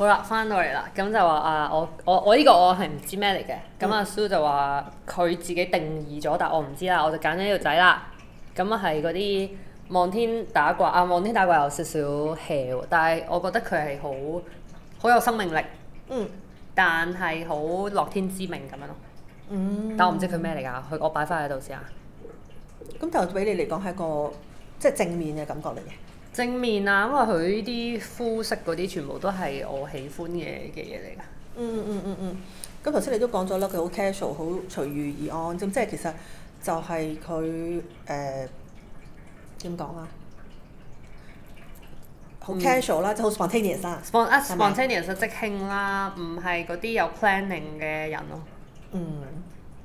好啦，翻到嚟啦，咁就話啊，我我我呢個我係唔知咩嚟嘅，咁阿、嗯啊、蘇就話佢自己定義咗，但我唔知啦，我就揀咗呢條仔啦。咁啊係嗰啲望天打卦啊，望天打卦有少少 hea 喎，但係我覺得佢係好好有生命力，嗯，但係好樂天知命咁樣咯、嗯嗯。嗯。但我唔知佢咩嚟㗎，佢我擺翻喺度先啊。咁就俾你嚟講係個即係正面嘅感覺嚟嘅。正面啊，因為佢依啲膚色嗰啲全部都係我喜歡嘅嘅嘢嚟㗎。嗯嗯嗯嗯嗯。咁頭先你都講咗啦，佢好 casual，好隨遇而安。咁即係其實就係佢誒點講啊？好 casual 啦，即係好 spontaneous 啦 spontaneous，即興啦，唔係嗰啲有 planning 嘅人咯。嗯，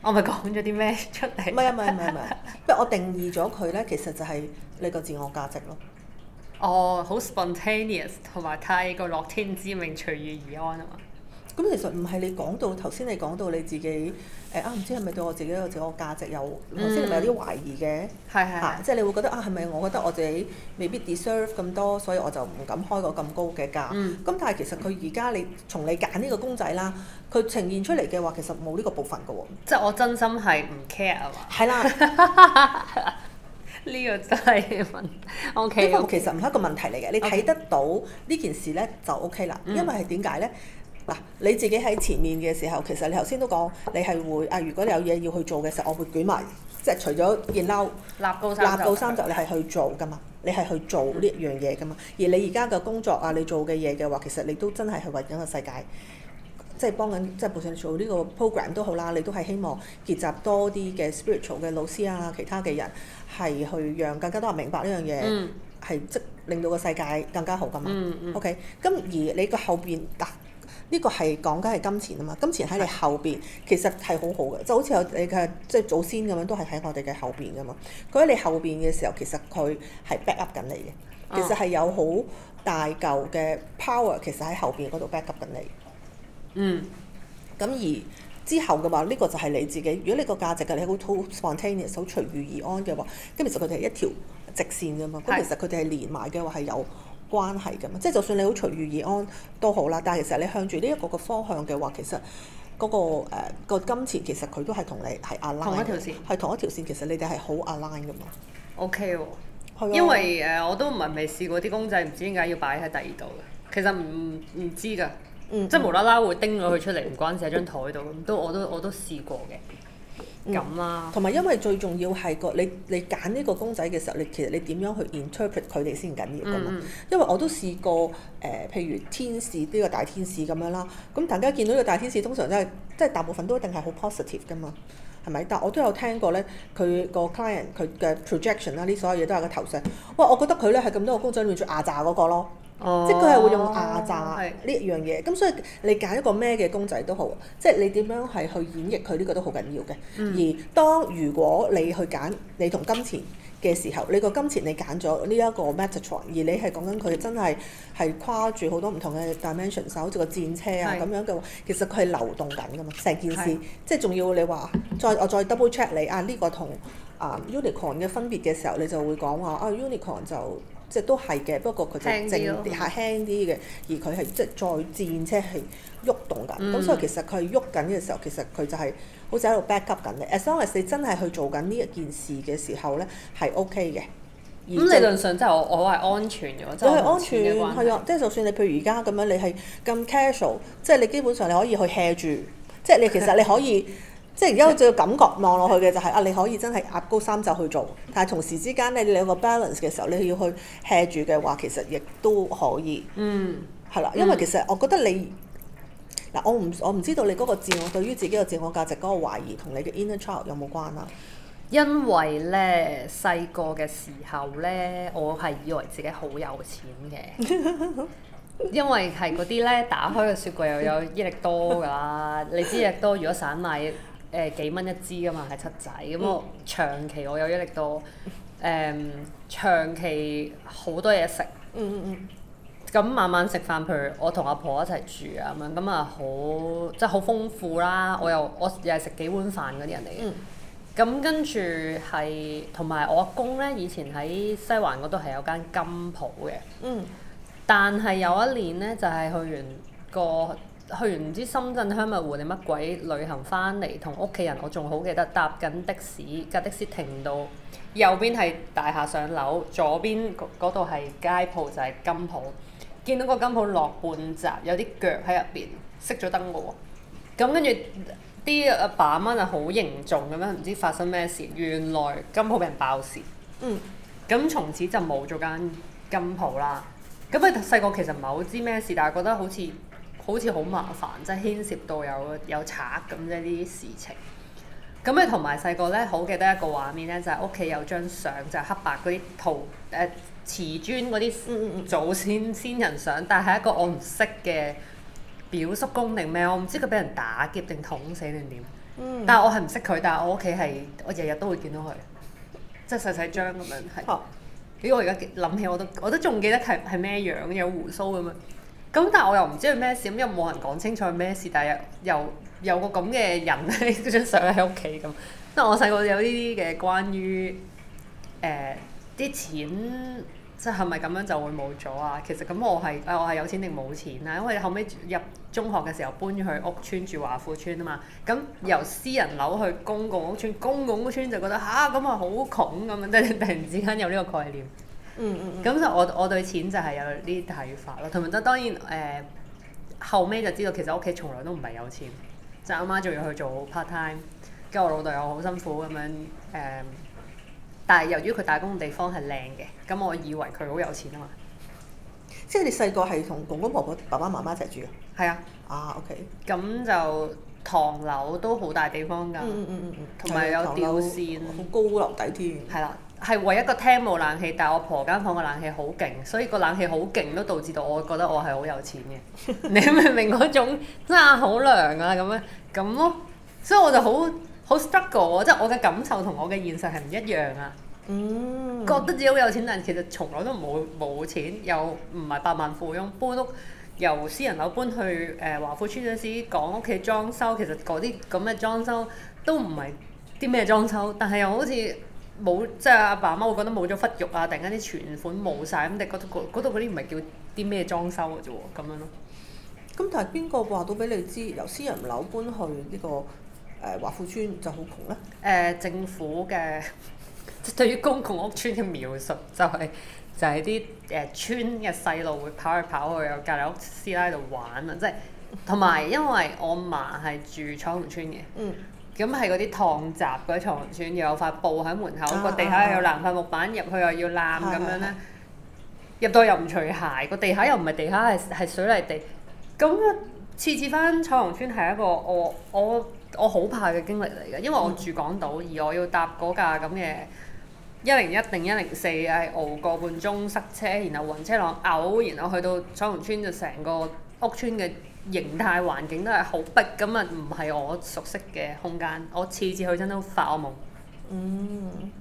我咪講咗啲咩出嚟？唔係唔係唔係唔係，不過我定義咗佢咧，其實就係你個自我價值咯。嗯哦，好、oh, spontaneous，同埋太過樂天之命隨遇而安啊嘛！咁、嗯嗯嗯、其實唔係你講到頭先，你講到你自己誒、嗯、啊，唔知係咪對我自己個自我價值有，唔知係咪有啲懷疑嘅？係係、mm, mm, 嗯，即係你會覺得啊，係咪我覺得我自己未必 deserve 咁多，所以我就唔敢開個咁高嘅價？嗯，咁、嗯、但係其實佢而家你從你揀呢個公仔啦，佢呈現出嚟嘅話，其實冇呢個部分㗎喎。即係我真心係唔 care 啊嘛！係、嗯、啦。嗯 Yeah. 呢個真係問，O K。呢、okay, 個、okay. 其實唔係一個問題嚟嘅，你睇得到呢件事咧就 O K 啦。Okay. 因為係點解咧？嗱，你自己喺前面嘅時候，其實你頭先都講，你係會啊，如果你有嘢要去做嘅時候，我會捲埋，即係除咗件褸，立到三立到三集，你係去做噶嘛，你係去做呢一樣嘢噶嘛。嗯、而你而家嘅工作啊，你做嘅嘢嘅話，其實你都真係去為緊個世界。即係幫緊，即係無論做呢個 program 都好啦，你都係希望結集多啲嘅 spiritual 嘅老師啊，其他嘅人係去讓更加多人明白呢樣嘢，係、嗯、即令到個世界更加好噶嘛。嗯嗯、OK，咁而你個後邊、啊這個後邊，嗱呢個係講緊係金錢啊嘛，金錢喺你後邊其實係好的好嘅，就好似有你嘅即係祖先咁樣，都係喺我哋嘅後邊噶嘛。佢喺你後邊嘅時候，其實佢係 back up 緊你嘅，其實係有好大嚿嘅 power，其實喺後邊嗰度 back up 緊你。嗯，咁、嗯、而之後嘅話，呢、這個就係你自己。如果你個價值嘅你好好 spontaneous 好隨遇而安嘅話，咁其實佢哋係一條直線㗎嘛。咁是其實佢哋係連埋嘅話係有關係㗎嘛。即係就算你好隨遇而安都好啦，但係其實你向住呢一個嘅方向嘅話，其實嗰、那個誒、呃那個、金錢其實佢都係同你係 align 嘅，係同一條線。其實你哋係好 align 㗎嘛。O、okay、K、哦啊、因為誒、呃、我都唔係未試過啲公仔，唔知點解要擺喺第二度嘅。其實唔唔知㗎。嗯，即係無啦啦會叮咗佢出嚟，唔、嗯、關事喺張台度，嗯、都我都我都試過嘅，咁啦。同埋、嗯、因為最重要係個你你揀呢個公仔嘅時候，你其實你點樣去 interpret 佢哋先緊要㗎嘛？嗯、因為我都試過誒、呃，譬如天使呢、呢個大天使咁樣啦。咁大家見到呢個大天使，通常都係即係大部分都一定係好 positive 㗎嘛，係咪？但我都有聽過咧，佢個 client 佢嘅 projection 啦，呢所有嘢都喺佢頭上。哇，我覺得佢咧係咁多個公仔裏面最牙擦嗰個咯。即係佢係會用壓榨呢一樣嘢，咁是所以你揀一個咩嘅公仔都好，即、就、係、是、你點樣係去演繹佢呢個都好緊要嘅。嗯、而當如果你去揀你同金錢嘅時候，你個金錢你揀咗呢一個 Metatron，而你係講緊佢真係係跨住好多唔同嘅 dimension，手，好似個戰車啊咁是樣嘅話，其實佢係流動緊㗎嘛，成件事。是即係仲要你話再我再 double check 你啊呢、這個同啊 Unicorn 嘅分別嘅時候，你就會講話啊 Unicorn 就。即係都係嘅，不過佢就靜啲輕啲嘅，而佢係即係再戰車係喐動緊，咁、嗯、所以其實佢喐緊嘅時候，其實佢就係好似喺度 back up 緊咧。As long as 你真係去做緊呢一件事嘅時候咧，係 OK 嘅。咁理、嗯、論上即係我我係安全嘅，嗯、真係安全，安全係啊！即係就算你譬如而家咁樣，你係咁 casual，即係你基本上你可以去 hea 住， 即係你其實你可以。 即係而家好似感覺望落去嘅就係、是、啊，你可以真係壓高三就去做，但係同時之間咧，你兩個 balance 嘅時候，你要去 hed 住嘅話，其實亦都可以。嗯，係啦，因為其實我覺得你嗱、嗯，我唔我唔知道你嗰個自我對於自己個自我價值嗰、嗰個懷疑同你嘅 inner child 有冇關啦。因為咧細個嘅時候咧，我係以為自己好有錢嘅， 因為係嗰啲咧打開個雪櫃又有益力多㗎啦， 你知益力多如果散賣。誒幾蚊一支㗎嘛，係七仔咁、嗯、我長期我有啲力到誒、嗯、長期好多嘢食、嗯，嗯嗯嗯。咁晚晚食飯，譬如我同阿婆，婆一齊住啊咁樣，咁啊好即係好豐富啦。我又我又係食幾碗飯嗰啲人嚟嘅。咁跟住係同埋我阿公咧，以前喺西環嗰度係有間金鋪嘅。嗯。但係有一年咧，就係、係、去完個。去完唔知深圳香蜜湖定乜鬼旅行翻嚟，同屋企人我仲好記得搭緊的士，架的士停到右邊係大廈上樓，左邊嗰度係街鋪就係金鋪，見到個金鋪落半閘，有啲腳喺入邊，熄咗燈嘅喎。咁跟住啲阿爸阿媽就好凝重咁樣，唔知發生咩事。原來金鋪俾人爆事，嗯，咁從此就冇咗間金鋪啦。咁佢細個其實唔係好知咩事，但係覺得好似～好似好麻煩，即係牽涉到有有賊咁，即呢啲事情。咁咧同埋細個咧，好記得一個畫面咧，就係屋企有張相，就係、黑白嗰啲圖誒瓷磚嗰啲、嗯、祖先先人相，但係一個我唔識嘅表叔公定咩？我唔知佢俾人打劫定捅死定點、嗯。但係我係唔識佢，但係我屋企係我日日都會見到佢，即係細細張咁樣係。咦、嗯啊呃！我而家諗起我都我都仲記得係係咩樣？有鬍鬚咁樣。咁但係我又唔知佢咩事，咁因為冇人講清楚咩事，但係又有，有個咁嘅人喺嗰張相喺屋企咁。即係我細個有呢啲嘅關於誒啲、呃、錢，即係咪咁樣就會冇咗啊？其實咁我係誒、呃、我係有錢定冇錢啊？因為後尾入中學嘅時候搬咗去屋邨住華富邨啊嘛。咁由私人樓去公共屋邨，公共屋邨就覺得吓咁啊好窮咁啊，即係突然之間有呢個概念。嗯嗯，咁就我我對錢就係有啲睇法咯，同埋都當然誒後尾就知道其實我屋企從來都唔係有錢，就阿媽仲要去做 part time，跟住我老豆又好辛苦咁樣誒，但係由於佢打工嘅地方係靚嘅，咁我以為佢好有錢啊嘛。即係你細個係同公公婆婆、爸爸媽媽一齊住啊？係啊。啊 OK。咁就唐樓都好大地方㗎，嗯嗯嗯，同埋有吊扇，好高樓底添。係啦。係為一個廳冇冷氣，但係我婆間房個冷氣好勁，所以個冷氣好勁都導致到我覺得我係好有錢嘅。 你明唔明嗰種真係好涼啊咁樣咁咯？所以我就好好 struggle 喎、啊，即係我嘅感受同我嘅現實係唔一樣啊。嗯，覺得自己好有錢，但係其實從來都冇冇錢，又唔係百萬富翁。搬屋由私人樓搬去誒、呃、華富村邨。嗰時講屋企裝修，其實嗰啲咁嘅裝修都唔係啲咩裝修，但係又好似。冇即係阿爸，爸媽會覺得冇咗忽肉啊！突然間啲存款冇晒，咁你覺得嗰度嗰啲唔係叫啲咩裝修嘅啫喎，咁樣咯。咁但係邊個話到俾你知由私人樓搬去呢、呢個誒、呃、華富村就好窮咧？誒、呃、政府嘅，即對於公共屋村嘅描述就係、是、就係啲誒村嘅細路會跑嚟跑去有隔離屋師奶度玩啊！即係同埋因為我嫲係住彩虹村嘅。嗯。嗯咁係嗰啲趟閘嗰啲彩虹村，又有塊布喺門口，個、啊、地下又有爛塊木板，入、啊、去又要攬咁樣咧，啊、入到又唔除鞋，個、嗯、地下又唔係地下，係係水泥地。咁次次返彩虹村係一個我我我好怕嘅經歷嚟嘅，因為我住港島，嗯、而我要搭嗰架咁嘅一零一定一零四，係熬個半鐘塞車，然後暈車浪嘔，然後去到彩虹村就成個屋村嘅。形態環境都係好逼，咁啊唔係我熟悉嘅空間，我次次去親都發噩夢。嗯，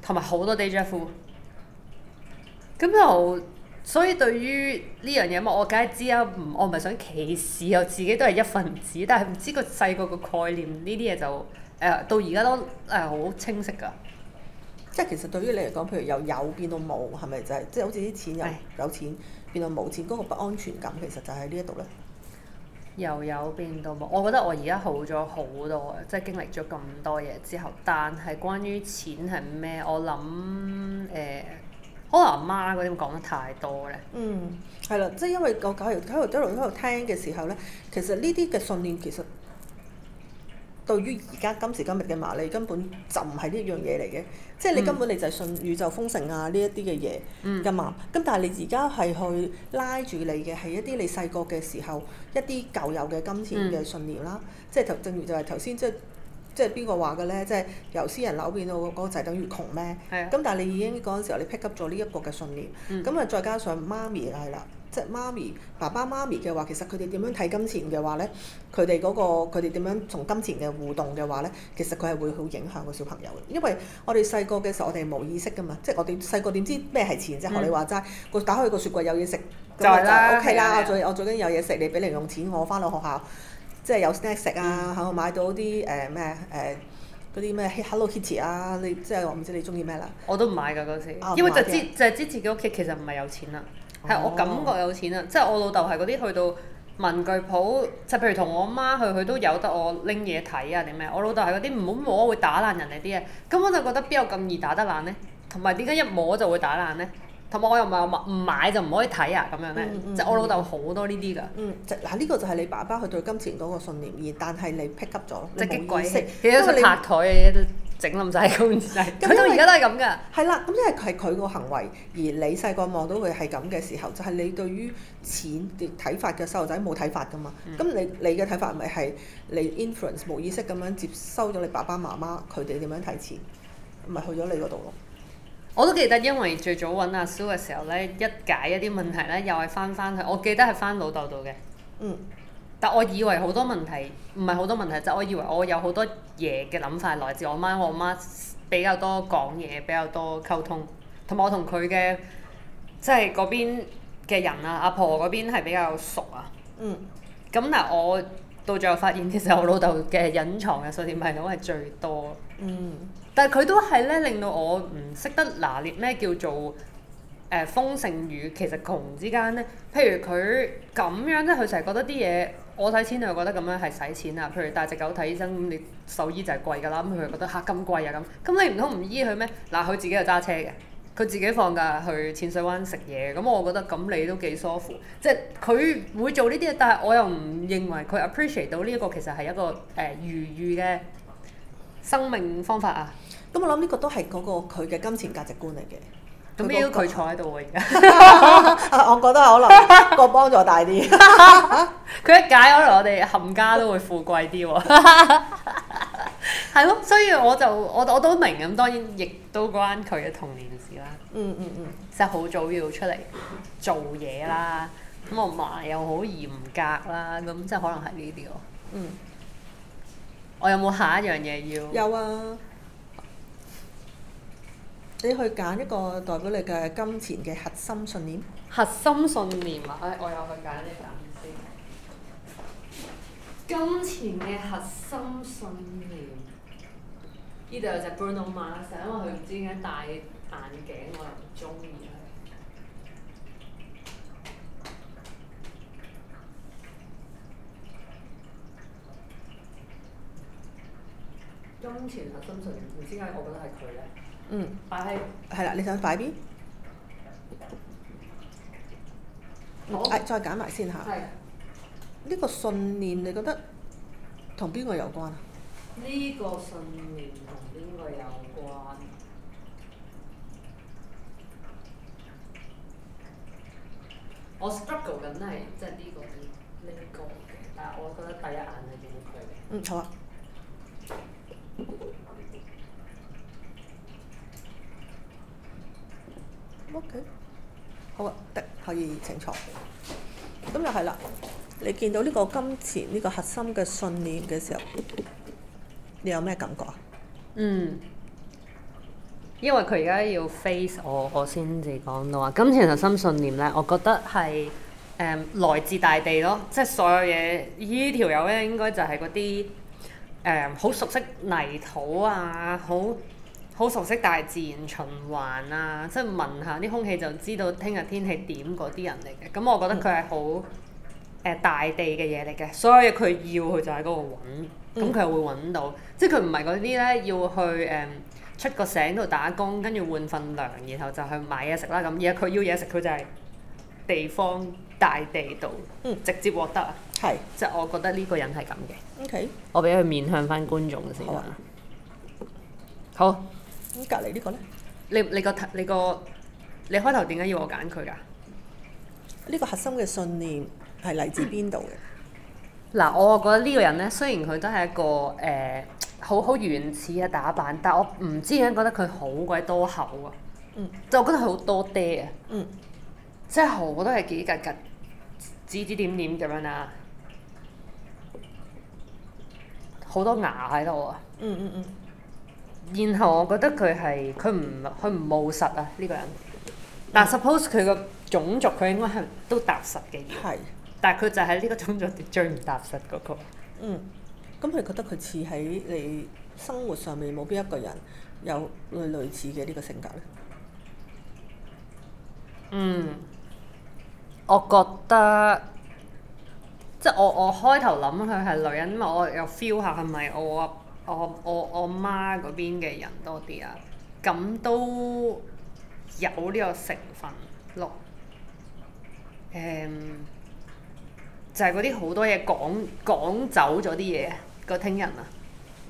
同埋好多 d j f u l 咁又，所以對於呢樣嘢嘛，我梗係知啊，唔，我唔係想歧視，我自己都係一份子，但係唔知個細個個概念呢啲嘢就誒、呃、到而家都誒好清晰㗎。即係其實對於你嚟講，譬如由有，有變到冇，係咪就係即係好似啲錢有的有錢變到冇錢，嗰、嗰個不安全感其實就喺呢一度咧。又有變到冇，我覺得我而家好咗好多啊！即係經歷咗咁多嘢之後，但係關於錢係咩？我諗誒，可能阿媽嗰啲講得太多咧。嗯，係啦，即係因為我久而久之喺度聽嘅時候咧，其實呢啲嘅信念其實對於而家今時今日嘅麻利根本就唔係呢樣嘢嚟嘅。即係你根本你就係信宇宙豐盛啊，呢一啲嘅嘢噶嘛，咁但係你而家係去拉住你嘅係一啲你細個嘅時候一啲舊有嘅金錢嘅信念啦，嗯、即係正如就係頭先即係即係邊個話嘅咧，即係由私人樓變到嗰個就等於窮咩？咁、嗯、但係你已經嗰陣、嗯、時候你 pick up 咗呢一個嘅信念，咁啊、嗯、再加上媽咪係啦。即係媽咪、爸爸、媽咪嘅話，其實佢哋點樣睇金錢嘅話咧，佢哋嗰個佢哋點樣從金錢嘅互動嘅話咧，其實佢係會好影響個小朋友嘅。因為我哋細個嘅時候，我哋冇意識㗎嘛，即係我哋細個點知咩係錢啫？學、嗯、你話齋，個打開個雪櫃有嘢食就係啦，O K 啦。最的我最緊要有嘢食，你俾零用錢我返到學校，即係有 snack 食啊，喺我買到啲誒咩誒嗰啲咩 Hello Kitty 啊，你即係唔知你中意咩啦？我都唔買㗎嗰時，啊、因為就知就知自己屋企其實唔係有錢啦。係 我感覺有錢啊！即係我老豆係嗰啲去到文具鋪，就譬如同我媽去，佢都由得我拎嘢睇啊定咩？我老豆係嗰啲唔好摸會打爛人哋啲嘢啊！根本就覺得邊有咁易打得爛呢？同埋點解一摸就會打爛呢？同埋我又唔係話唔買就唔可以睇啊咁樣咧，就、嗯嗯嗯、我老豆好多呢啲㗎。就嗱呢個就係你爸爸去對金錢嗰個信念，而但係你 pick up 咗咯。無是意識，其實佢拍台嘅嘢都整冧曬咁滯。佢而家都係咁㗎。係啦、嗯，咁因為係佢個行為，而你細個望到佢係咁嘅時候，就係、是、你對於錢嘅睇法嘅細路仔冇睇法㗎嘛。咁、嗯、你你嘅睇法咪係你 inference 無意識咁樣接收咗你爸爸媽媽佢哋點樣睇錢，咪去咗你嗰度咯。我都記得，因為最早揾阿蘇嘅時候呢，一解一啲問題呢，又係翻翻去，我記得係翻老豆度嘅。嗯。但我以為好多問題，唔係好多問題，就是、我以為我有好多嘢嘅諗法來自我媽，我媽比較多講嘢，比較多溝通，同埋我同佢嘅即係嗰邊嘅人啊，阿婆嗰邊係比較熟啊。嗯。咁，但係我到最後發現，其實我老豆嘅隱藏嘅碎碎迷戀係最多。嗯。嗯。但係佢都係咧，令到我唔識得拿捏咩叫做誒豐盛與其實窮之間咧。譬如佢咁樣咧，佢成日覺得啲嘢我使錢又覺得咁樣係使錢啦、啊。譬如帶隻狗睇醫生，嗯、你獸醫就係貴㗎啦。咁佢又覺得嚇咁貴啊咁。咁你唔通唔醫佢咩？嗱、嗯，佢、呃、自己又揸車嘅，佢自己放假去淺水灣食嘢。咁、嗯、我覺得咁你都幾梳乎即係佢會做呢啲嘢，但係我又唔認為佢 appreciate 到呢一個其實係一個誒愉裕嘅生命方法啊。咁、嗯、我諗呢個都係嗰個佢嘅金錢價值觀嚟嘅，咁都佢坐喺度喎。而家 我覺得可能個幫助大啲，佢一、嗯、 解可能我哋冚家都會富貴啲喎、啊。係咯，所以我就我我都明咁，當然亦都關佢嘅童年事啦、嗯。嗯嗯嗯，即係好早要出嚟做嘢啦。咁、嗯、我媽又好嚴格啦，咁即係可能係呢啲咯。嗯，我有冇下一樣嘢要？有啊。你去揀一個代表你嘅金錢嘅核心信念。核心信念啊！哎，我又去揀呢個先。金錢嘅核心信念，呢度有隻 Bruno Mars，因為佢唔知點解戴眼鏡我又唔中意佢。金錢核心信念，唔知點解我覺得係佢咧。嗯，擺喺係啦，你想擺邊？我誒、哦哎，再揀埋先吓。呢個信念你覺得同邊個有關？呢個信念同邊個有關？我 struggle 緊係即係、就、呢、呢個呢、呢個，但係我覺得第一眼係最唔對嘅。嗯，好啊。O、okay. K，好啊，得可以請坐。咁又係啦，你見到呢個金錢呢個核心嘅信念嘅時候，你有咩感覺啊？嗯，因為佢而家要 face 我，我先至講到話。金錢核心信念咧，我覺得係誒、嗯、來自大地咯，即係所有嘢。呢條友咧，應該就係嗰啲誒好熟悉泥土啊，好。好熟悉大自然循環啊！即係聞下啲空氣就知道聽日天，天氣點嗰啲人嚟嘅。咁我覺得佢係好誒大地嘅嘢嚟嘅，所以佢要佢就喺嗰度揾，咁佢又會揾到。嗯、即係佢唔係嗰啲呢要去誒、嗯、出個醒度打工，跟住換份糧，然後就去買嘢食啦咁。而家佢要嘢食，佢就係地方大地度、嗯、直接獲得啊。係是，即係我覺得呢個人係咁嘅。OK，我俾佢面向翻觀眾先。好。好。好。咁隔離呢個咧？你你個你個，你開頭點解要我揀佢㗎？呢個核心嘅信念係嚟自邊度嘅？嗱、嗯，我覺得呢個人咧，雖然佢都係一個誒好好原始嘅打扮，但我唔知點解覺得佢好鬼多口啊！嗯，就我覺得佢好多爹啊！嗯，即係好多係幾格格指指點點咁樣啊！好多牙喺度啊！嗯嗯嗯。嗯然後我覺得佢係佢唔佢唔務實啊，呢個人，但 suppose 佢個種族佢應該係都踏實嘅，係。但係佢就係呢個種族最唔踏實嗰個。嗯，咁佢覺得佢似喺你生活上面冇邊一個人有類似嘅呢個性格咧？嗯，我覺得即係我我開頭諗佢係女人，因為我又 feel 下係咪我。我我我媽嗰邊嘅人多啲啊，咁都有呢個成分咯。誒、呃，就係嗰啲好多嘢講講走咗啲嘢，個聽人啊，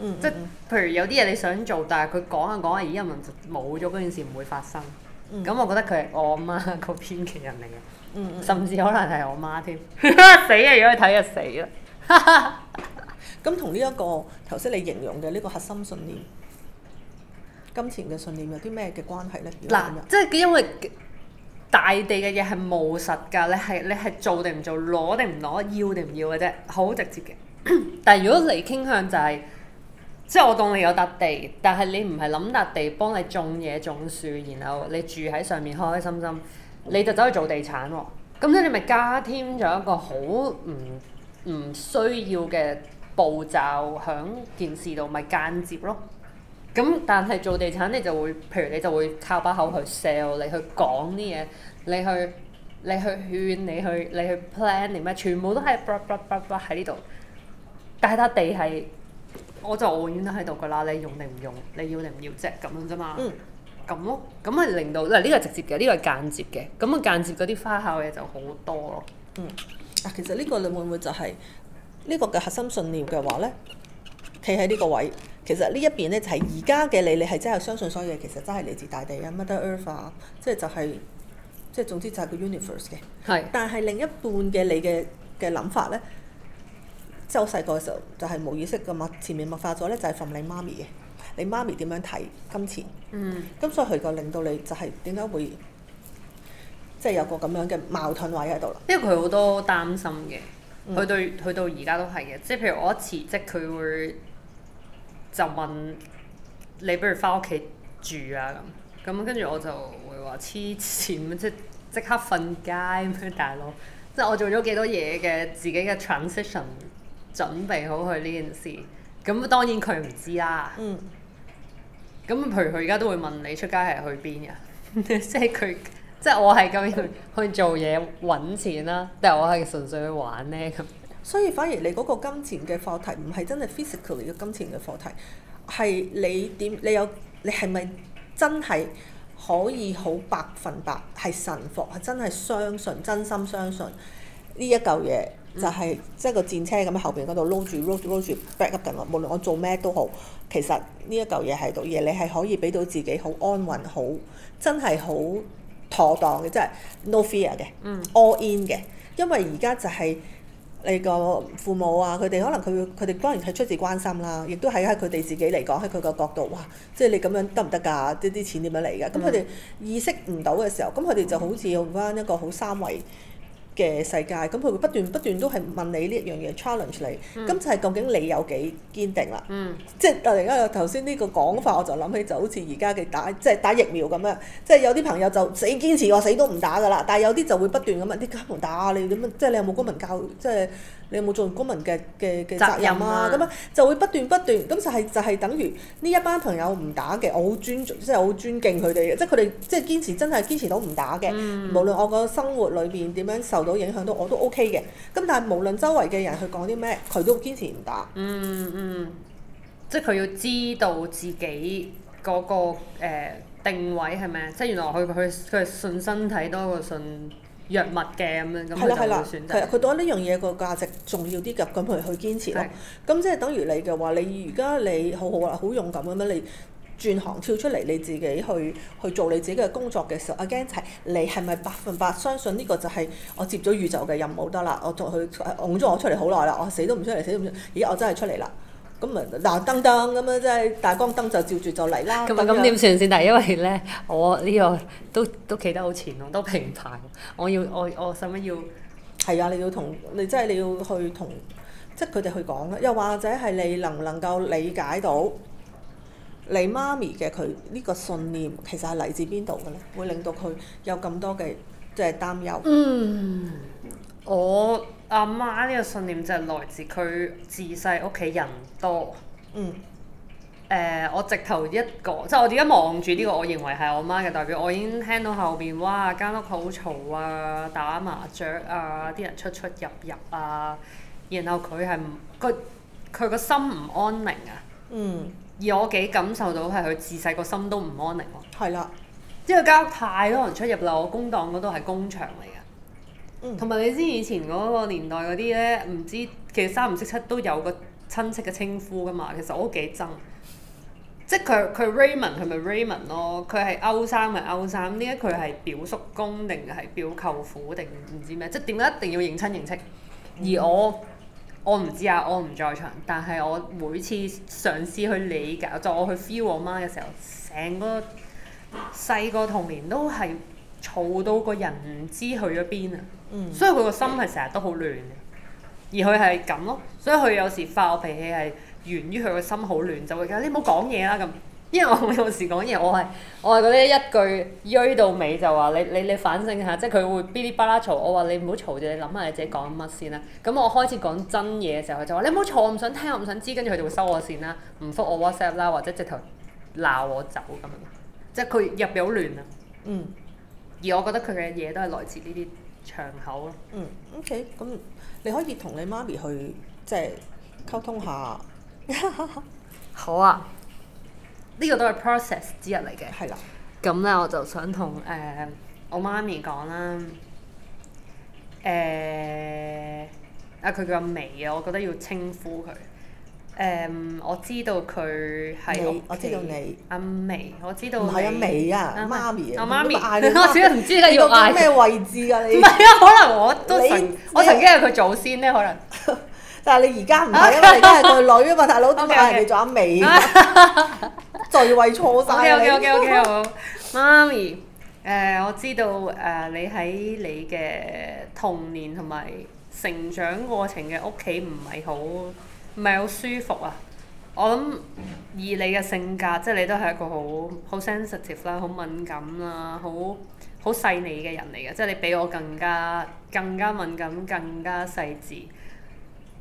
嗯嗯即係譬如有啲嘢你想做，但係佢講下講下，而家問冇咗，嗰件事唔會發生。咁、嗯、我覺得佢係我媽嗰邊嘅人嚟嘅，嗯嗯甚至可能係我媽添。 死啊！如果睇就死啦。 咁同呢一個頭先你形容嘅呢個核心信念、嗯、金錢嘅信念有啲咩嘅關係呢？嗱喇，即係因為大地嘅嘢係無實㗎，你係你係做定唔做，攞定唔攞，要定唔要嘅啫，好直接嘅。 但係如果嚟傾向就係、是，即係我當你有笪地，但係你唔係諗笪地幫你種嘢種樹，然後你住喺上面開開心心，你就走去做地產喎、哦。咁即你咪加添咗一個好唔唔需要嘅。步驟響件事度咪間接咯，咁但係做地產你就會，譬如你就會靠把口去 sell，你去講啲嘢，你去你去勸你去你去 plan 定咩？全部都係喺呢度。但係笪地係，我就我永遠都喺度㗎啦，你用定唔用，你要定唔要即咁樣啫嘛。嗯，咁咯，咁咪令到嗱呢、這個係直接嘅，呢、這個係間接嘅，咁啊間接嗰啲花巧嘢就好多咯。嗯，嗱、啊、其實呢個你會唔會就係、是？呢個嘅核心信念嘅話咧，企喺呢個位，其實一邊呢一邊咧就係而家嘅你，你係真係相信所有嘢，其實真係嚟自大地啊 Mother Earth 啊，即係就係、是，即係總之就係個 Universe 嘅。係是。但係另一半嘅你嘅嘅諗法咧，即係好細個嘅時候就係無意識咁嘛，前面物化咗咧就係、是、奉你媽咪嘅，你媽咪點樣睇金錢？嗯。咁所以佢個令到你就係點解會，即、就、係、是、有個咁樣嘅矛盾位喺度啦。因為佢好多擔心嘅。嗯、去到去到而家都係嘅，即係譬如我一辭職，佢會就問你，不如翻屋企住啊，咁，咁跟住我就會話黐線，即即即刻瞓街咩大佬，即係我做咗幾多嘢嘅自己嘅 transition，準備好去呢件事，咁當然佢唔知啦。咁、嗯、譬如佢而家都會問你出街係去邊嘅， 即係佢。即係我係咁樣去做嘢揾錢啦、啊，但係我係純粹去玩咧咁。 所以反而你嗰個金錢嘅課題唔係真係 physically 嘅金錢嘅課題，係你點？你有你係咪真係可以好百分百係神服，係真係相信、真心相信呢一嚿嘢、就是，就係、嗯、即係個戰車咁後邊嗰度撈住、撈住、撈住 back up 緊我。無論我做咩都好，其實呢一嚿嘢係度嘢，你係可以俾到自己好安穩、好真係好。妥當嘅，即係，no fear 嘅，嗯，all in 嘅。因為而家就係你個父母啊，佢哋可能佢佢哋當然係出自關心啦、啊，亦都喺喺佢哋自己嚟講喺佢個角度，哇！即係你咁樣得唔得㗎？啲啲錢點樣嚟㗎？咁佢哋意識唔到嘅時候，咁佢哋就好似用翻一個好三維、嗯嘅世界，咁佢會不斷不斷都係問你呢一樣嘢 challenge 你，咁、嗯、就係究竟你有幾堅定啦？嗯即，即係突然間頭先呢個講法，我就諗起就好似而家嘅打，即係打疫苗咁樣，即係有啲朋友就死堅持話死都唔打㗎啦，但係有啲就會不斷咁問啲街坊打你咁樣？即係你有冇公民教即係？嗯即你有冇做公民嘅嘅嘅責任啊？咁樣就會不斷不斷咁就係、係、就係、係、等於呢一班朋友唔打嘅，我好尊重即係好尊敬佢哋嘅，即係佢哋即係堅持真係堅持到唔打嘅，嗯、無論我個生活裏邊點樣受到影響都我都 OK 嘅。咁但係無論周圍嘅人去講啲咩，佢都堅持唔打。嗯嗯，即係佢要知道自己嗰、嗰個、呃、定位係咪？即係原來佢佢佢係信身體多過信。藥物嘅咁樣咁樣嘅選擇，係啊，佢覺得呢樣嘢個價值重要啲㗎，咁佢去堅持咯。咁的即係等於你嘅話，你而家你好好啦，好勇敢咁樣你轉行跳出嚟，你自己去去做你自己嘅工作嘅時候，我驚就係你係咪百分百相信呢個就係我接咗宇宙嘅任務得啦？我同佢㧬咗我出嚟好耐啦，我死都唔出嚟，死都唔出，咦！我真係出嚟啦～咁啊，嗱燈燈咁樣，即係大光燈就照住就嚟啦。咁咁點算先？但係因為咧，我呢個都都企得好前咁，都平排。我要我我使乜要？係啊，你要同你即係你要去同，即係佢哋去講。又或者係你能唔能夠理解到你媽咪嘅佢呢個信念，其實係嚟自邊度嘅咧？會令到佢有咁多嘅即係擔憂。嗯，我。阿媽呢個信念就係來自佢自細屋企人多。嗯。誒、呃，我直頭一個，即係我點解望住呢個？我認為係我媽嘅代表。嗯、我已經聽到後邊，哇！間屋好嘈啊，打麻雀啊，啲人出出入入啊。然後佢係唔佢佢個心唔安寧啊。嗯。而我幾感受到係佢自細個心都唔安寧喎、啊。係啦的。因為間屋太多人出入啦，我工廠嗰度係工場嚟嘅。同埋、嗯、你知以前嗰個年代嗰啲咧，唔知其實三唔識七都有個親戚嘅稱呼噶嘛，其實我都幾憎。即係佢佢 Raymond，佢咪 Raymond 咯，佢係歐三咪歐三，呢一佢係表叔公定係表舅父定唔知咩？即係點解一定要認親認戚？嗯、而我我唔知啊，我唔在場。但係我每次嘗試去理解，就是、我去 feel 我媽嘅時候，成個細個童年都係。嘈到個人唔知去咗邊啊！嗯、所以佢個心係成日都好亂嘅，而佢係咁咯，所以佢有時發我脾氣係源於佢個心好亂，就會，你唔好講嘢啦咁。因為我有時講嘢，我係我係嗰啲一句鋥到尾就話，你你你反省下，即係佢會噼哩啪啦嘈。我話你唔好嘈住，你諗下你自己講乜先啦、啊。咁我開始講真嘢嘅時候，佢就話，你唔好嘈，我唔想聽，我唔想知。跟住佢就會收我線啦，唔覆我 WhatsApp 啦，或者直頭鬧我走咁樣。即係佢入邊好亂啊！嗯。而我覺得佢嘅嘢都係來自呢啲場口咯。嗯，OK，咁你可以同你媽咪去即係溝通下。 好啊，呢、這個都係 process 之一嚟嘅。係啦的。咁咧，我就想同誒、呃、我媽咪講啦。誒、呃、啊！佢叫阿眉啊，我覺得要稱呼佢。誒，我知道佢係，我知道你阿眉，我知道唔係阿眉啊，阿媽咪阿媽咪，我真係唔知你要嗌咩位置啊！你唔係啊？可能我都我曾經係佢祖先咧，可能，但係你而家唔係，因為而家係佢女啊嘛，大佬點解嗌佢做阿眉？序位錯曬你！O K O K O K O K，媽咪，誒，我知道誒，你喺你嘅童年同埋成長過程嘅屋企唔係好。唔係好舒服啊！我諗以你嘅性格，即係你都係一個好好 sensitive 啦，好敏感啦，好好細膩嘅人嚟嘅。即係你比我更加更加敏感、更加細緻，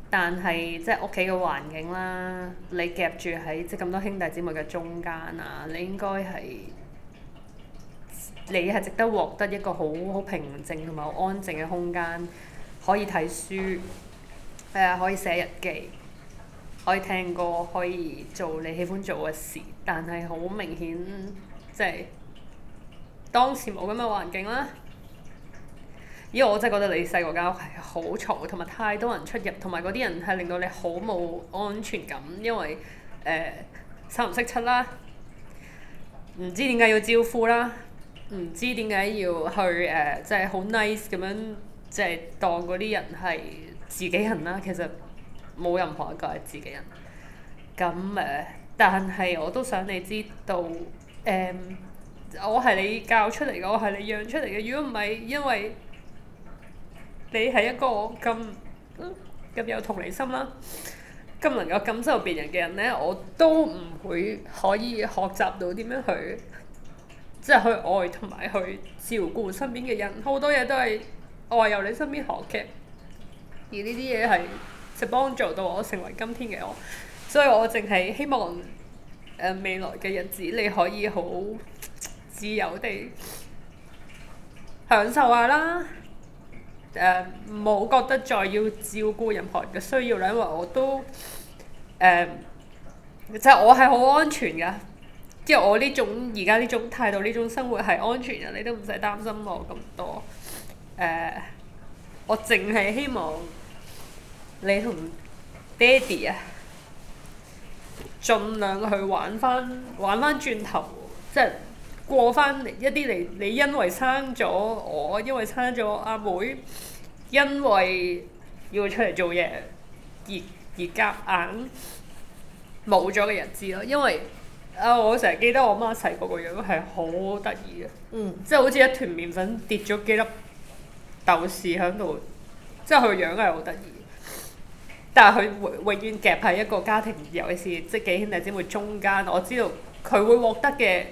但係即係屋企嘅環境啦，你夾住喺即咁多兄弟姊妹嘅中間啊，你應該係你係值得獲得一個好好平靜同埋好安靜嘅空間，可以睇書，係、呃、可以寫日記。可以聽歌，可以做你喜歡做嘅事，但係好明顯，即係當時冇咁嘅環境啦。因為，我真係覺得你細個間屋係好嘈，同埋太多人出入，同埋嗰啲人係令到你好冇安全感，因為誒三唔識七啦，唔知點解要招呼啦，唔知點解要去誒，即係好 nice 咁樣，即係當嗰啲人係自己人啦。其實。冇任何一個係自己人。咁誒、呃，但係我都想你知道，誒、呃，我係你教出嚟嘅，我係你養出嚟嘅。如果唔係，因為你係一個咁咁有同理心啦，咁能夠感受別人嘅人呢，我都唔會可以學習到點樣去，即係去愛同埋去照顧身邊嘅人。好多嘢都係我係由你身邊學嘅，而呢啲嘢係，就幫助到我成為今天嘅我，所以我淨係希望誒、呃、未來嘅日子你可以好自由地享受下啦。誒、呃、冇覺得再要照顧任何人嘅需要啦，因為我都即、呃、即係、我係好安全噶，即係我呢種而家呢種態度呢種生活係安全嘅，你都唔使擔心我咁多。誒、呃，我淨係希望。你同爹哋啊，盡量去玩翻，玩翻轉頭，即係過翻一啲你你因為生咗我，因為生咗阿妹，因為要出嚟做嘢而而夾硬冇咗嘅日子咯。因為啊，我成日記得我媽細個個樣係好得意嘅，嗯，即係好似一團麵粉跌咗幾粒豆豉響度，即係佢個樣係好得意。但係佢永永遠夾喺一個家庭，尤其是即係幾兄弟姊妹中間，我知道佢會獲得嘅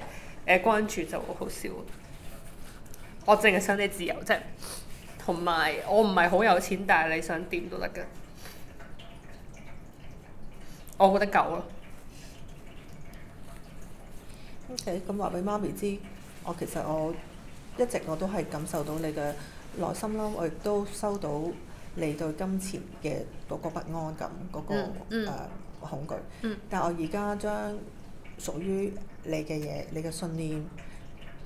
誒關注就好少。我淨係想你自由啫，同埋我唔係好有錢，但係你想點都得㗎。我覺得夠囉。OK，咁話俾媽咪知，我其實我一直我都係感受到你嘅內心啦，我亦都收到。你對金錢嘅嗰個不安感，嗰、那個、嗯嗯呃、恐懼，嗯、但我而家將屬於你嘅嘢、你嘅信念、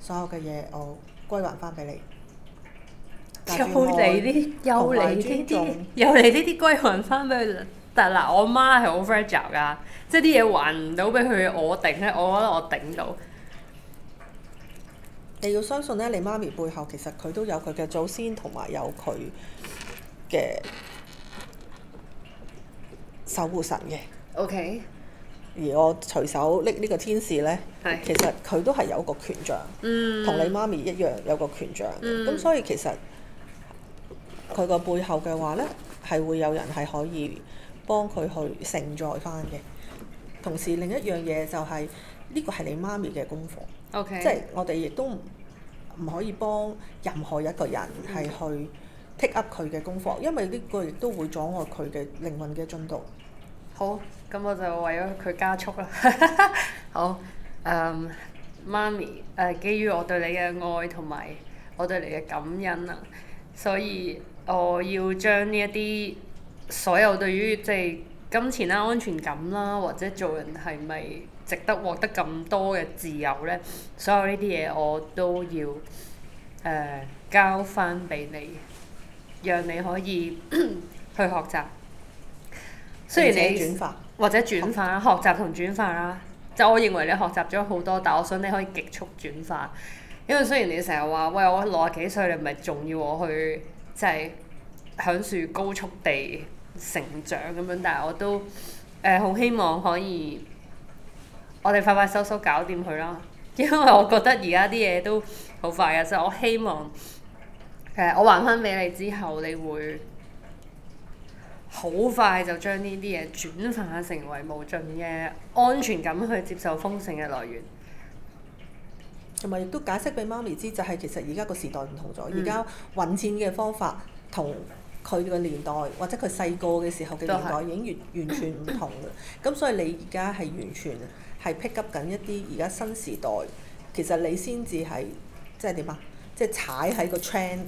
所有嘅嘢，我歸還翻俾你。有嚟呢？有嚟呢啲？有嚟呢啲歸還翻俾佢？但嗱，我媽係好 fragile 㗎，即係啲嘢還唔到俾佢，我頂咧。我覺得我頂到。你要相信咧，你媽咪背後其實佢都有佢嘅祖先，同埋有佢。守護神嘅，OK。而我隨手拎呢個天使呢，Yes. 其實佢都係有個權杖，同、mm. 你媽咪一樣有個權杖。咁、mm. 所以其實佢個背後嘅話呢，係會有人係可以幫佢去承載翻嘅。同時另一樣嘢就係、是、呢、呢個係你媽咪嘅功課，Okay. 即係我哋亦都唔可以幫任何一個人係去。Mm. take up 佢嘅功課，因為呢個亦都會阻礙佢嘅靈魂嘅進度。好，咁我就為咗佢加速啦。好，嗯，媽、 嗯、咪，誒、呃，基於我對你嘅愛同埋我對你嘅感恩啊，所以我要將呢一啲所有對於即係金錢啦、啊、安全感啦、啊，或者做人係咪值得獲得咁多嘅自由咧，所有呢啲嘢我都要誒、呃、交翻俾你。讓你可以 去學習，雖然你，你轉化，或者轉化學習同轉化啦，就我認為你學習咗好多，但我想你可以極速轉化，因為雖然你成日話喂，我六十幾歲，你唔係仲要我去即係、就是、享受高速地成長咁樣，但係我都誒好、呃、希望可以，我哋快快收收搞掂佢啦，因為我覺得而家啲嘢都好快嘅，所以我希望。其實我還翻俾你之後，你會好快就將呢啲嘢轉化成為無盡嘅安全感，去接受豐盛嘅來源。同埋亦都解釋俾媽咪知，就係、是、其實而家個時代唔同咗，而家、嗯、搵錢嘅方法同佢個年代或者佢細個嘅時候嘅年代已經完是完全唔同咁， 所以你而家係完全係 pick up 緊一啲而家新時代，其實你先至係即係點啊？即係踩喺個 train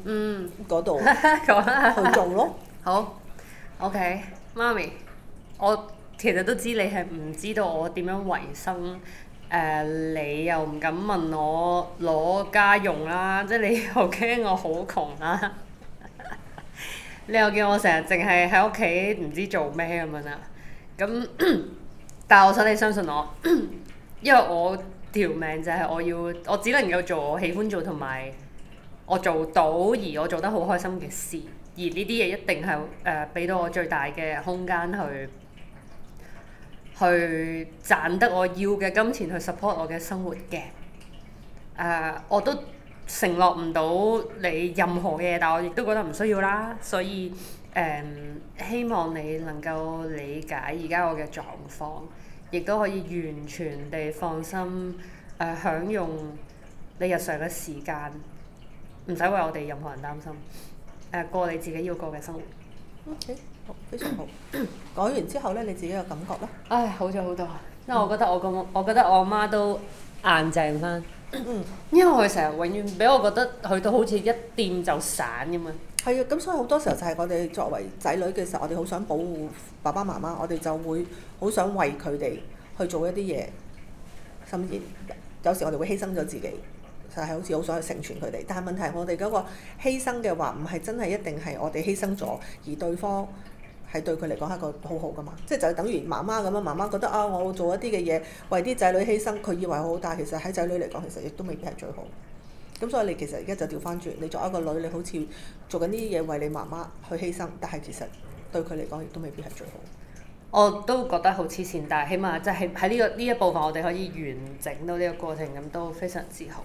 嗰度咁去做咯 好。好，OK，媽咪，我其實都知你係唔知道我點樣維生。誒、呃，你又唔敢問我攞家用啦、啊，即係你又驚我好窮啦、啊。 你又叫我成日淨係喺屋企唔知做咩咁樣啦。咁，但係我想你相信我，因為我條命就係我要，我只能夠做我喜歡做同埋，我做到而我做得好開心嘅事，而呢啲嘢一定係誒、俾到我最大嘅空間去去賺得我要嘅金錢去 support 我嘅生活嘅。誒、呃，我都承諾唔到你任何嘅嘢，但我亦都覺得唔需要啦。所以誒、呃，希望你能夠理解而家我嘅狀況，亦都可以完全地放心誒、呃，享用你日常嘅時間。唔使為我哋任何人擔心，誒、呃、過你自己要過嘅生活。O、okay, K，好，非常好。 講完之後咧，你自己嘅感覺咧？唉，好咗好多。嗯、因為我覺得我個，我覺得我媽都硬淨返。 因為佢成日永遠俾我覺得去到好似一掂就散咁啊。係啊，咁所以好多時候就係我哋作為仔女嘅時候，我哋好想保護爸爸媽媽，我哋就會好想為佢哋去做一啲嘢，甚至有時我哋會犧牲咗自己。但係好似好想去成全佢哋，但係問題我哋嗰個犧牲嘅話，唔係真係一定係我哋犧牲咗，而對方係對佢嚟講係一個好好噶嘛。即係就係等於媽媽咁樣，媽媽覺得啊，我做一啲嘅嘢為啲仔女犧牲，佢以為好好，但係其實喺仔女嚟講，其實亦都未必係最好。咁所以你其實而家就調翻轉，你作一個女，你好似做緊呢啲嘢為你媽媽去犧牲，但係其實對佢嚟講亦都未必係最好。我都覺得好黐線，但係起碼即係喺呢個呢一部分，我哋可以完整到呢個過程，咁都非常之好。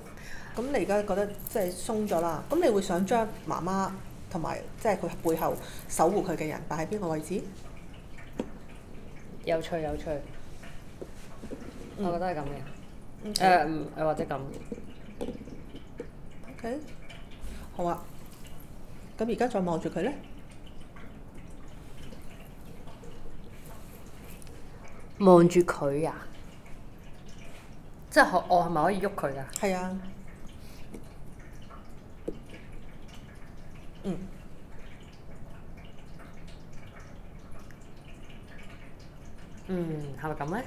咁你而家覺得即係、就是、鬆咗啦，咁你會想將媽媽同埋即係佢背後守護佢嘅人擺喺邊個位置？有趣，有趣。嗯、我覺得係咁嘅。誒 Okay.、uh, 嗯，或者咁。OK。好啊。咁而家再望住佢呢。望住佢啊！即係我係咪可以喐佢啊？係啊。嗯。嗯，係咪咁咧？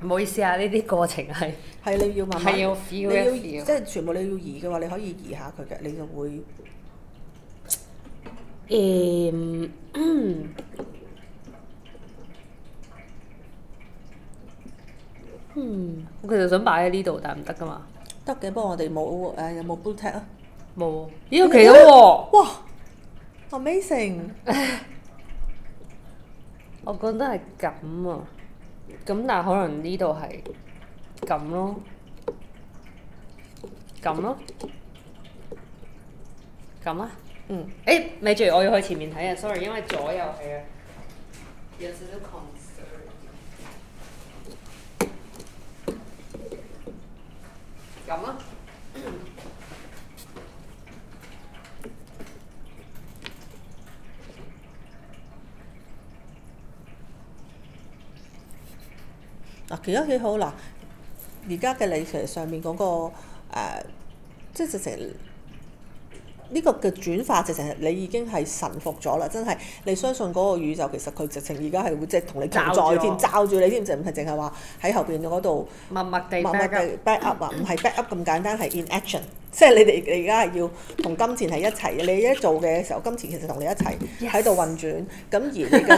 唔好意思啊，呢啲過程係係 你要慢慢，你要即係全部你要移嘅話，你可以移下佢嘅，你就會。Um, 嗯嗯，我其實想擺喺呢度，但係唔得噶嘛。得嘅，不過我哋冇誒，有冇 Blu Tack 啊？冇，呢個奇咯。哇，amazing！我覺得係咁啊，咁但係可能呢度係咁咯，咁咯，咁啦。嗯，誒，咪住，我要去前面睇啊，sorry，因為左右係有少少恐懼。咁啊，嗱，其他幾好啦。而家嘅你其實上面嗰、那個誒，即係直情。就是呢個嘅轉化就成係，你已經係臣服咗啦，真係你相信嗰個宇宙其實佢直情而家係會即係同你共在添罩住，住你添，就唔係淨係話喺後邊嗰度默默地默默地 back up 啊，唔係 back up 咁簡單，係 in action。即係你哋，你而家係要同金錢係一齊嘅。你一做嘅時候，金錢其實同你一齊喺度運轉。咁 Yes. 而你嘅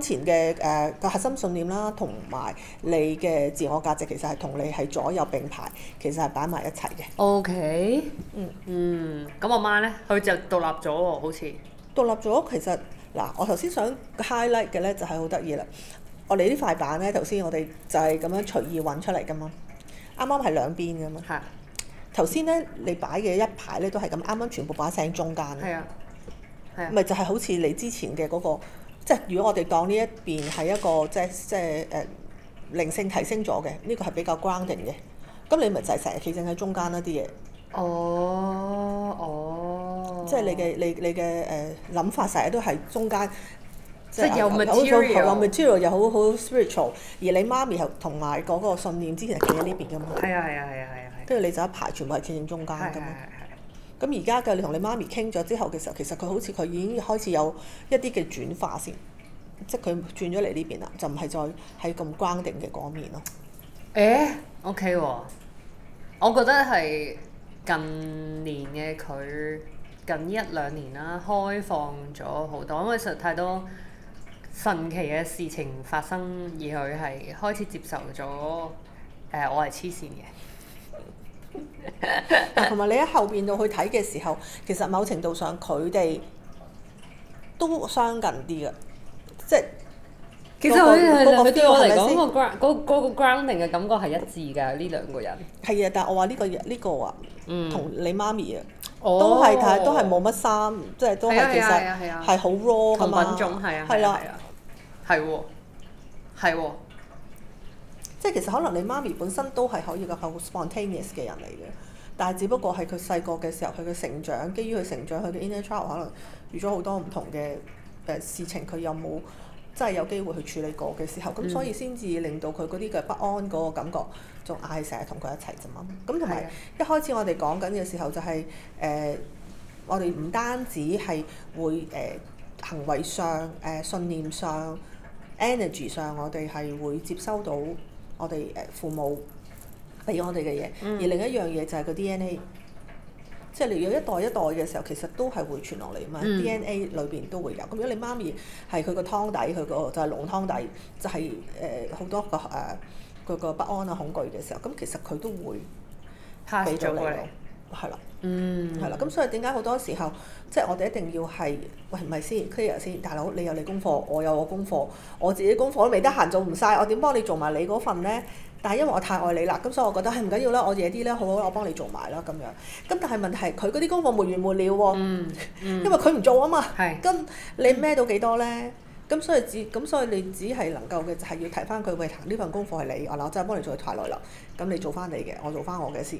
金錢嘅誒個核心信念啦，同埋你嘅自我價值其實係同你喺左右並排，其實係擺埋一齊嘅。OK，嗯嗯，咁、嗯嗯、我媽咧，佢就獨立咗喎，好似獨立咗。其實嗱，我頭先想 highlight 嘅咧，就係好得意啦。我哋呢塊板咧，頭先我哋就係咁樣隨意揾出嚟㗎嘛，啱啱係兩邊㗎嘛。頭先咧，你擺嘅一排咧都係咁，啱啱全部擺喺正中間。係啊，係咪、啊、就係好似你之前嘅嗰、那個？即係如果我哋當呢一邊係一個即係即係誒、呃、靈性提升咗嘅，呢、這個係比較 grounding 嘅。咁你咪就係成日企正喺中間一啲嘢。哦，哦，即係你嘅你你嘅誒諗法成日都係中間。即係有 material，有 material 又好好 spiritual。spiritual，而你媽咪係同埋嗰個信念之前企喺呢邊噶嘛？係啊，係啊，係啊，係、啊。跟住你就一排全部係正正中間㗎嘛。咁而家嘅你同你媽咪傾咗之後嘅時候，其實佢好似佢已經開始有一啲嘅轉化先，即係佢轉咗嚟呢邊啦，就唔係再喺咁僵定嘅嗰面咯。誒，OK 喎，嗯 okay。我覺得係近年嘅佢近一兩年啦，開放咗好多，因為實在太多神奇嘅事情發生，而佢係開始接受咗誒、呃，我係黐線嘅。同埋、 啊、你喺後邊度去睇嘅時候，其實某程度上佢哋都相近啲嘅，即係、那個、其實佢、那個、的對我嚟講、那個那個 ground 嗰嗰個 grounding 嘅感覺係一致噶，呢兩個人係啊，但係我話呢、這個呢、這個啊，同、嗯、你媽咪啊，都係睇、哦、都係冇乜衫，即係都係其實係好 raw 噶嘛，品種係啊，係啦，係係即係其實可能你媽咪本身都係可以個好 spontaneous 嘅人嚟嘅，但係只不過係佢細個嘅時候，佢嘅成長基於佢成長佢嘅 inner child 可能遇咗好多唔同嘅誒、呃、事情，佢有冇即係有機會去處理過嘅時候，咁、嗯、所以先至令到佢嗰啲嘅不安嗰個感覺，仲嗌成日同佢一齊啫嘛。咁同埋一開始我哋講緊嘅時候就係、是、誒、呃，我哋唔單止係會誒、呃、行為上、誒、呃、信念上、energy 上，我哋係會接收到。我哋誒父母俾我哋嘅嘢，嗯、而另一樣嘢就係佢 DNA，即係你有一代一代嘅時候，其實都係會傳落嚟嘛。嗯、DNA 裏邊都會有。咁如果你媽咪係佢個湯底，佢個就係濃湯底，就係誒好多個誒嗰個不安啊、恐懼嘅時候，咁其實佢都會俾咗你。係啦，嗯、mm，係啦，咁所以點解好多時候，即係我哋一定要係，喂，唔係先，clear 先，大佬你有你功課，我有我功課，我自己功課都未得閒做唔晒，我點幫你做埋你嗰份咧？但係因為我太愛你啦，咁所以我覺得係唔緊要啦，我夜啲咧，好我幫你做埋啦，咁樣。咁但係問題佢嗰啲功課沒完沒了喎，因為佢唔做啊嘛，係，咁你孭到幾多咧？咁所以只咁所以你只係能夠嘅就係、是、要提翻佢，喂，呢份功課係你，你我嗱我真係幫你做太耐啦，咁你做翻你嘅，我做翻我嘅先。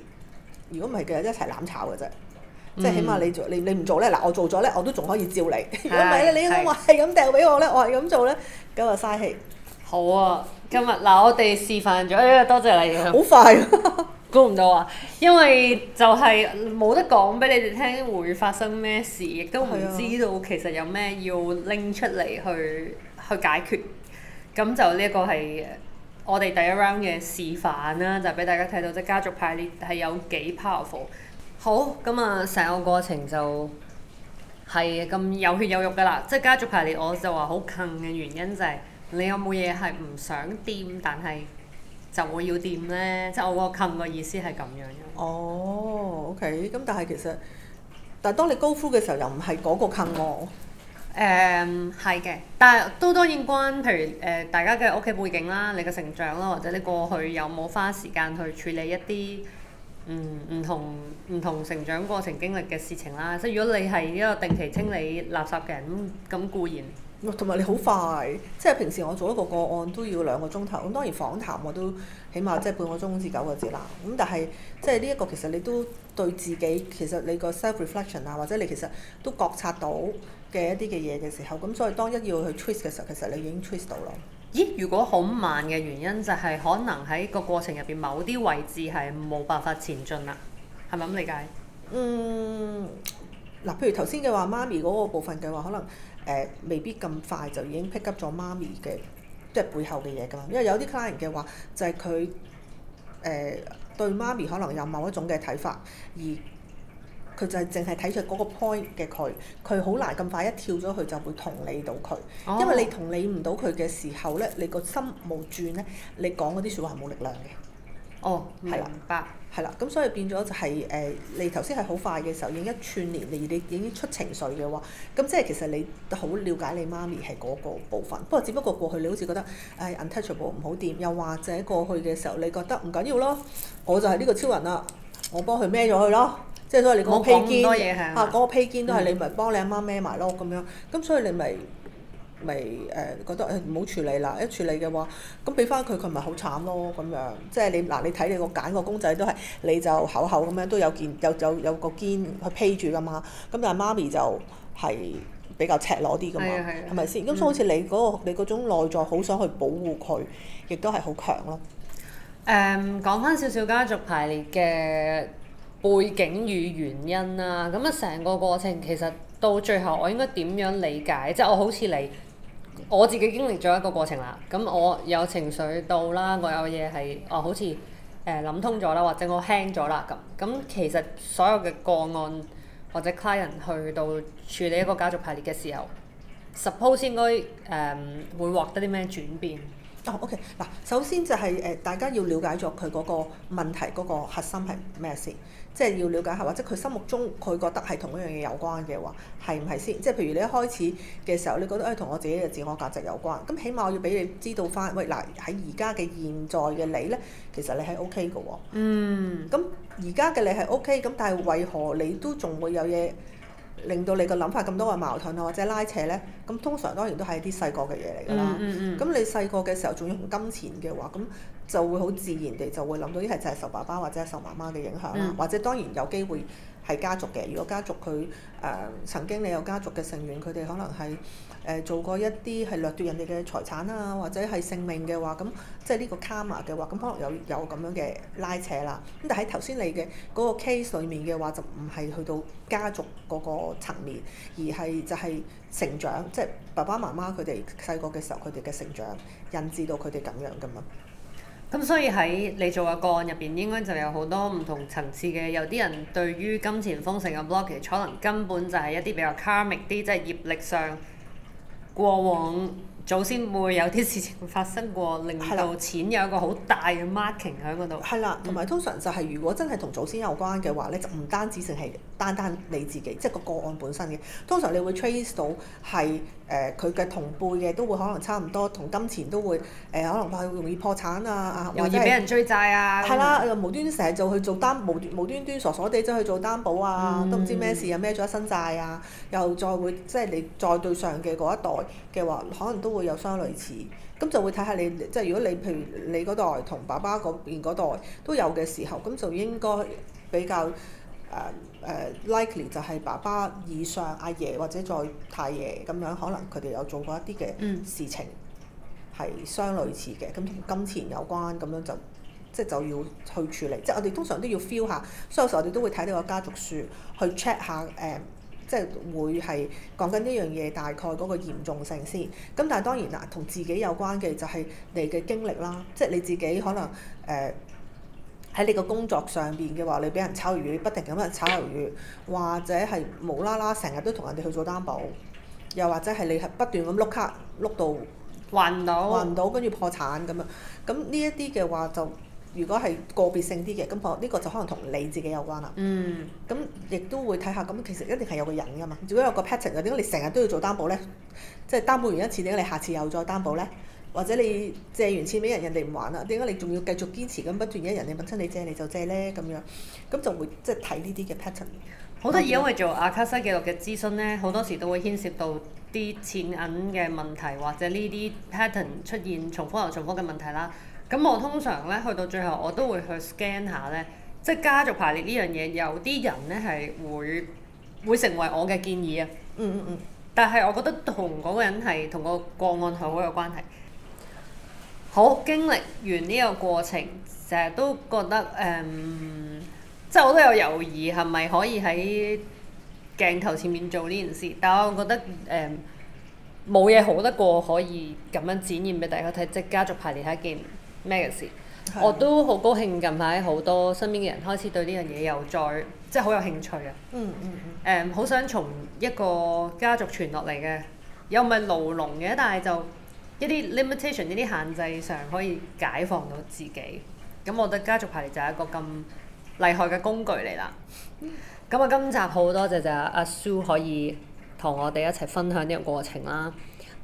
如果唔係嘅，一齊攬炒嘅啫，嗯、即係起碼你，你做你你唔做咧，嗱我做咗咧，我都仲可以照你好。如果唔係咧，你應該話係咁掉俾我咧，我係咁做咧，咁嘥氣。好啊，今日嗱我哋示範咗、哎，多謝你，好快、啊，估唔到啊！因為就係冇得講俾你哋聽會發生咩事，亦都唔知道其實有咩要拎出嚟去、啊、去解決。咁就呢一個係。我哋第一 round 嘅示範啦，就俾大家睇到即係家族排列係有幾 powerful。好，咁啊成個過程就係咁有血有肉㗎啦。即係家族排列，我就話好近嘅原因就係、是、你有冇嘢係唔想掂，但係就會要掂咧。即係我個冚嘅意思係咁樣。哦、oh，OK，咁但係其實，但係當你 go through 嘅時候，又唔係嗰個冚我。誒係嘅，但係都當然關，譬如誒、呃、大家嘅屋企背景啦，你嘅成長啦，或者你過去有冇花時間去處理一啲唔唔同唔同成長過程經歷嘅事情啦。即係如果你係一個定期清理垃圾嘅人，咁咁固然。同埋你好快，即係平時我做一個個案都要兩個鐘頭，咁當然訪談我都起碼即係半個鐘至九個字啦。咁但係即係呢一個其實你都對自己其實你個 self reflection 啊，或者你其實都覺察到嘅一啲嘅嘢嘅時候，咁所以當一要去 trace 嘅時候，其實你已經 trace 到啦。咦？如果好慢嘅原因就係可能喺個過程入邊某啲位置係冇辦法前進啦，係咪咁理解？嗯，嗱，譬如頭先嘅話，媽咪嗰個部分嘅話，可能。誒、呃、未必咁快就已經 pick up 咗媽咪嘅，即係背後嘅嘢噶嘛。因為有啲 client 嘅話，就係佢誒對媽咪可能有某一種嘅睇法，而佢就係淨係睇出嗰個 point 嘅佢，佢好難咁快一跳咗佢就會同理到佢。哦、因為你同理唔到佢嘅時候咧，你個心冇轉咧，你講嗰啲説話係冇力量嘅。哦，明白。係啦，咁所以變咗就係、是、誒、呃，你頭先係好快嘅時候，影一串年，你你已經出情緒嘅話，咁即係其實你好了解你媽咪係嗰個部分。不過只不過過去你好似覺得誒、哎、untouchable 唔好掂，又或者過去嘅時候你覺得唔緊要咯，我就係呢個超人啦，我幫佢孭咗去咯。即、就、係所以你講披肩啊，講披肩都係你咪幫你阿媽孭埋咯咁樣。咁所以你咪。咪誒、啊、覺得誒唔好處理啦！一、啊、處理嘅話，咁俾翻佢，佢咪好慘咯。咁樣即係你嗱，你睇你個揀個公仔都係，你就厚厚咁樣都有件有有有個肩去披住噶嘛。咁但係媽咪就係比較赤裸啲噶嘛，係咪先？咁吧、嗯啊、所以好似你嗰、那個你嗰種內在好想去保護佢，亦都係好強咯。誒、嗯，講翻少少家族排列嘅背景與原因啦。咁啊，成個過程其實到最後，我應該點樣理解？即、就、係、是、我好似你。我自己經歷咗一個過程啦，咁我有情緒到啦，我有嘢係哦，好似誒諗通咗啦，或者我輕咗啦咁。咁、嗯、其實所有嘅個案或者 client 去到處理一個家族排列嘅時候，suppose 應該誒、呃、會獲得啲咩轉變？哦、oh，OK，嗱，首先就係、是、誒、呃、大家要了解咗佢嗰個問題嗰、那個核心係咩先。即係要了解下，或者佢心目中佢覺得係同一樣嘢有關嘅話，係唔係先？即係譬如你一開始嘅時候，你覺得誒同、哎、我自己嘅自我價值有關，咁起碼我要俾你知道翻。喂，嗱喺而家嘅現在嘅你咧，其實你係 OK 嘅喎、哦。嗯。咁而家嘅你係 OK，咁但係為何你都仲會有嘢令到你個諗法咁多個矛盾啊，或者拉扯咧？咁通常當然都係啲細個嘅嘢嚟㗎啦。咁你細個嘅時候仲要、嗯嗯嗯、用金錢嘅話，咁、嗯。就會好自然地就會諗到，呢係就係受爸爸或者係受媽媽嘅影響啦。嗯、或者當然有機會係家族嘅。如果家族佢誒、呃、曾經你有家族嘅成員，佢哋可能係誒、呃、做過一啲係掠奪人哋嘅財產啊，或者係性命嘅話，咁、嗯、即係呢個卡瑪嘅話，咁、嗯、可能有有咁樣嘅拉扯啦。咁但係頭先你嘅嗰個 case 裏面嘅話，就唔係去到家族嗰個層面，而係就係、是、成長，即、就、係、是、爸爸媽媽佢哋細個嘅時候，佢哋嘅成長引致到佢哋咁樣㗎嘛。咁所以喺你做嘅個案入邊，應該就有好多唔同層次嘅。有啲人對於金錢豐盛嘅 block，其實可能根本就係一啲比較 karmic 啲，即係業力上過往祖先會有啲事情發生過，令到錢有一個好大嘅 marking 喺嗰度。係啦的，同埋、嗯、通常就係如果真係同祖先有關嘅話咧，就唔單止淨係，單單你自己，即係個個案本身嘅。通常你會 trace 到係誒佢嘅同輩嘅都會可能差唔多，同金錢都會誒、呃、可能佢容易破產啊，容易啊，或者係俾人追債啊。係啦，無端成日就去做擔無無端端傻傻地即係去做擔保啊，嗯、都唔知咩事又孭咗一身債啊，又再會即係你再對上嘅嗰一代嘅話，可能都會有相類似。咁就會睇下你即係如果你譬如你嗰代同爸爸嗰邊嗰代都有嘅時候，咁就應該比較誒。呃呃呃誒、uh, likely 就係爸爸以上阿、啊、爺或者再太爺咁樣，可能佢哋有做過一啲嘅事情係、mm. 相類似嘅，咁同金錢有關咁樣就即係就要去處理。即係我哋通常都要 feel 下，所以有時候我哋都會睇呢個家族樹去 check 下誒、呃，即係會係講緊呢樣嘢大概嗰個嚴重性先。咁但係當然啦，同自己有關嘅就係你嘅經歷啦，即係你自己可能誒。Mm-hmm. 呃喺你個工作上邊嘅話，你俾人炒魷魚，不停咁樣炒魷魚，或者係無啦啦成日都同人哋去做擔保，又或者係你不斷咁碌卡碌到還唔到還唔到，跟住破產咁樣。咁呢一啲嘅話，就如果係個別性啲嘅，咁呢個就可能同你自己有關啦。嗯。咁亦都會睇下，咁其實一定係有個人噶嘛。如果有個 pattern 嘅，點解你成日都要做擔保咧？即係擔保完一次，點解你下次又再擔保咧？或者你借完錢俾人，人哋唔還啦。點解你仲要繼續堅持咁不斷有人哋問親你借，你就借呢？咁樣咁就會即係睇呢啲嘅 pattern。好得意，嗯、因為做阿卡西記錄嘅諮詢呢，好多時都會牽涉到啲錢銀嘅問題，或者呢啲 pattern 出現重複又重複嘅問題啦。咁我通常呢，去到最後，我都會去 scan 下呢，即係家族排列呢樣嘢。有啲人呢係會會成為我嘅建議啊。嗯嗯嗯。但係我覺得同嗰個人係同個個案係好有關係。好，經歷完呢個過程，成日都覺得誒、嗯，即係我都有猶豫係咪可以喺鏡頭前面做呢件事，但係我覺得誒冇嘢好得過可以咁樣展現俾大家睇，即係家族排列係一件咩嘅事。的我都好高興近排好多身邊嘅人開始對呢樣嘢又再即係好有興趣啊、嗯。嗯嗯嗯。誒，好想從一個家族傳落嚟嘅，又唔係牢籠嘅，但係就～一啲 limitation，呢啲限制上可以解放到自己，咁我覺得家族排列就係一個咁厲害嘅工具嚟啦。咁啊、嗯，今集好多謝就阿蘇可以同我哋一齊分享呢個過程啦。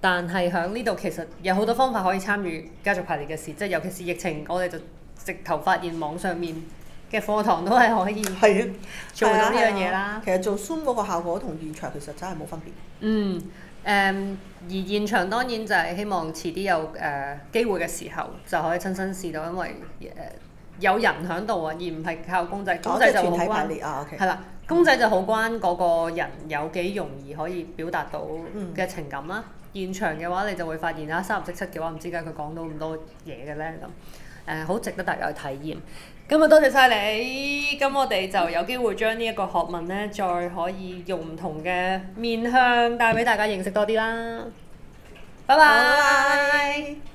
但係響呢度其實有好多方法可以參與家族排列嘅事，即係尤其是疫情，我哋就直頭發現網上面嘅課堂都係可以係做到這呢樣嘢啦。其實做 Zoom 嗰個效果同現場其實真係冇分別。嗯。誒、um, 而現場當然就係希望遲啲有誒、呃、機會嘅時候就可以親身試到，因為誒、呃、有人喺度啊，而唔係靠公仔。公仔就好關係啦，公仔就好關嗰、啊 okay. 個人有幾容易可以表達到嘅情感啦。嗯、現場嘅話，你就會發現啦，三唔識七嘅話，唔知點解佢講到咁多嘢嘅咧咁。誒，好、呃、值得大家去體驗。咁啊，多謝晒你！咁我哋就有機會將呢一個學問呢，再可以用唔同嘅面向帶俾大家認識多啲啦。拜拜。Bye bye.